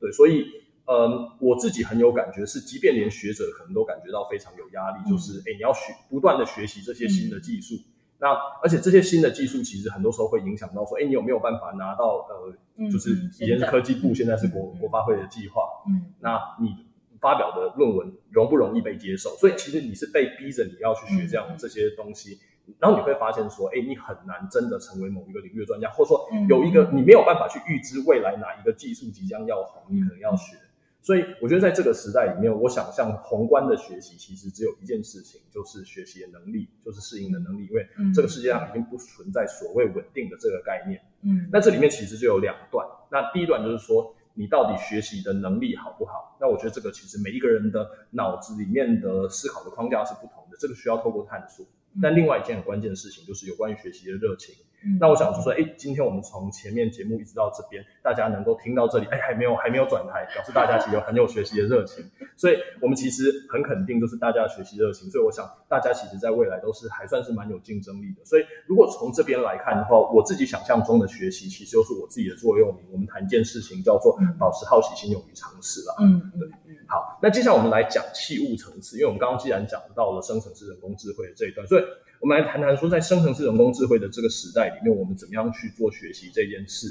對，所以嗯我自己很有感覺，是即便連學者可能都感覺到非常有壓力，就是誒、欸、你要學不斷的學習這些新的技術、嗯。那而且這些新的技術其實很多時候會影響到說，哎、欸，你有沒有辦法拿到呃、嗯，就是以前是科技部，嗯、現在是國國發會的計劃、嗯。那你。發表的論文容不容易被接受？所以其實你是被逼着你要去學這樣的這些東西，mm -hmm. 然後你會發現說，誒，你很難真的成為某一個領域的專家，或者說有一個、mm -hmm. 你沒有辦法去預知未來哪一個技術即將要紅，你可能要學。所以我覺得在這個時代裡面，我想象宏觀的學習其實只有一件事情，就是學習的能力，就是適應的能力，因為這個世界上已經不存在所謂穩定的這個概念。嗯、mm -hmm.，那這裡面其實就有兩段，那第一段就是說。你到底學習的能力好不好？那我覺得這個其實每一個人的腦子裡面的思考的框架是不同的，這個需要透過探索。但另外一件很關鍵的事情就是有關於學習的熱情。那我想就說，說，哎，今天我們從前面節目一直到這邊，大家能夠聽到這裡，哎，還沒有還沒有轉台，表示大家其實有很有學習的熱情，所以我們其實很肯定就是大家的學習熱情，所以我想大家其實在未來都是還算是蠻有競爭力的。所以如果從這邊來看的話，我自己想象中的學習，其實就是我自己的座右銘。我們談一件事情，叫做保持好奇心，勇於嘗試啦。嗯，對。好，那接下來我們來講器物層次，因為我們剛剛既然講到了生成式人工智慧的這一段，所以我們來談談說，在生成式人工智慧的這個時代裡面，我們怎麼樣去做學習這件事？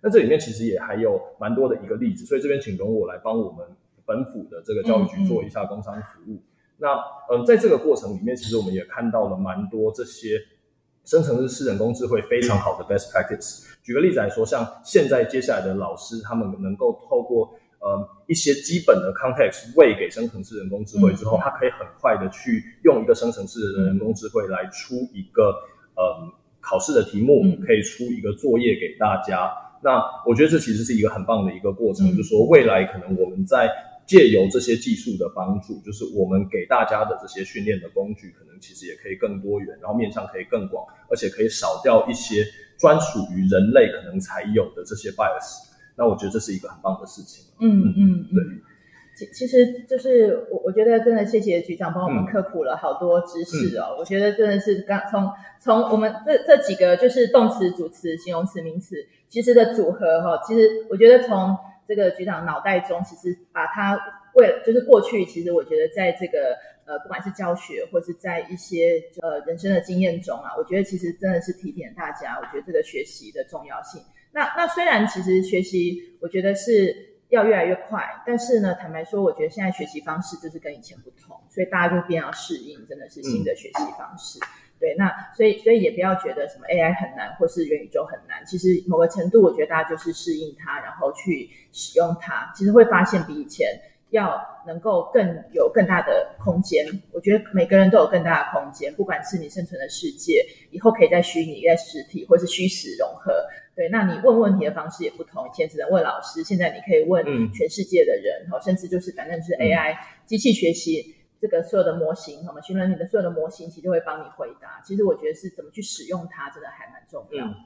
那這裡面其實也還有蠻多的一個例子，所以這邊請容我來幫我們本府的這個教育局做一下工商服務。嗯那嗯、呃，在這個過程裡面，其實我們也看到了蠻多這些生成式人工智慧非常好的 best practice、嗯。舉個例子來說，像現在接下來的老師，他們能夠透過呃，一些基本的 context 餵給生成式人工智慧之後，它、嗯、可以很快的去用一個生成式的人工智慧，嗯、來出一個，呃，考試的題目，嗯，可以出一個作業給大家。那我覺得這其實是一個很棒的一個過程，嗯，就是說未來可能我們在借由這些技術的幫助，就是我們給大家的這些訓練的工具，可能其實也可以更多元，然後面向可以更廣，而且可以少掉一些專屬於人類可能才有的這些 bias。那我覺得這是一個很棒的事情。嗯嗯嗯，對，其、嗯嗯、其實就是我我覺得真的謝謝局長幫我們科普了好多知識哦。嗯嗯、我覺得真的是剛從從我們這這幾個就是動詞、主詞、形容詞、名詞其實的組合哈、哦。其實我覺得從這個局長腦袋中，其實把他為了就是過去，其實我覺得在這個呃不管是教學或是在一些呃人生的經驗中啊，我覺得其實真的是提點大家，我覺得這個學習的重要性。那那雖然其實學習，我覺得是要越來越快，但是呢，坦白說，我覺得現在學習方式就是跟以前不同，所以大家就變要適應，真的是新的學習方式。嗯。對，那所以所以也不要覺得什麼 AI 很難，或是元宇宙很難。其實某個程度，我覺得大家就是適應它，然後去使用它，其實會發現比以前要能夠更有更大的空間。我覺得每個人都有更大的空間，不管是你生存的世界，以後可以在虛擬、在實體，或是虛實融合。對，那你問問題的方式也不同，以前只能問老師，現在你可以問全世界的人，嗯、甚至就是反正是 AI、嗯、機器學習這個所有的模型，什麼訓練你的所有的模型，其實就會幫你回答。其實我覺得是怎麼去使用它，真的還蠻重要的，嗯。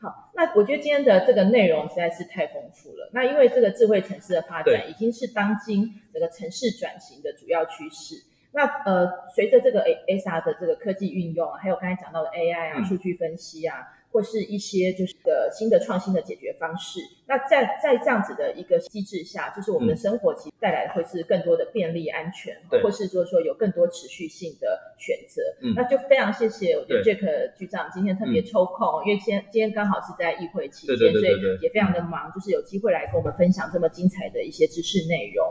好，那我覺得今天的這個內容實在是太豐富了。那因為這個智慧城市的發展，已經是當今這個城市轉型的主要趨勢。那呃，隨着這個 A S R 的這個科技運用啊，還有剛才講到的 A I 啊、嗯，數據分析啊。或是一些就是個新的創新的解決方式。那在在這樣子的一個機制下，就是我們生活其實帶來的會是更多的便利、安全，嗯，或是就是說有更多持續性的選擇，嗯。那就非常謝謝我，我的 Jack 局長今天特別抽空，嗯，因為今天今天剛好是在議會期間，所以也非常的忙，嗯，就是有機會來跟我們分享這麼精彩的一些知識內容。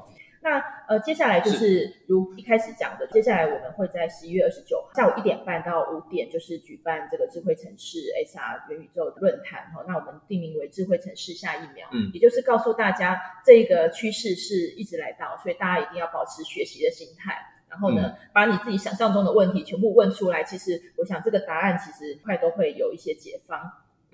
那呃，接下來就是，是如一開始講的，接下來我們會在十一月二十九號下午一點半到五點，就是舉辦這個智慧城市 XR 元宇宙論壇。哈、哦，那我們定名為智慧城市下一秒，嗯，也就是告訴大家這個趨勢是一直來到，所以大家一定要保持學習的心態，然後呢，嗯、把你自己想象中的問題全部問出來。其實我想，這個答案其實快都會有一些解方。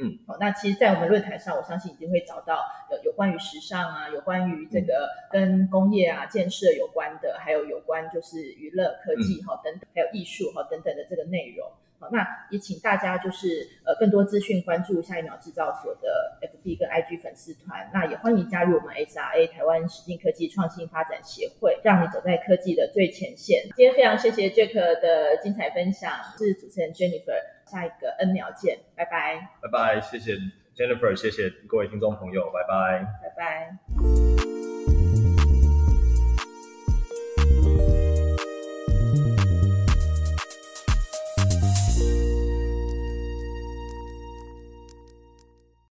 嗯，好、哦，那其實，在我們論壇上，我相信一定會找到有有關於時尚啊，有關於這個跟工業啊、建設有關的，還有有關就是娛樂、科技哈、哦、等等，還有藝術哈、哦、等等的這個內容。好，那也請大家就是呃，更多資訊關注下一秒製造所的 FB 跟 IG 粉絲團。那也歡迎加入我們 XRA 台灣實境科技創新發展協會，讓你走在科技的最前線。今天非常謝謝 Jack 的精彩分享，是主持人 Jennifer。下一個 N 秒見，拜拜。拜拜，謝謝 Jennifer，謝謝各位聽眾朋友，拜拜，拜拜。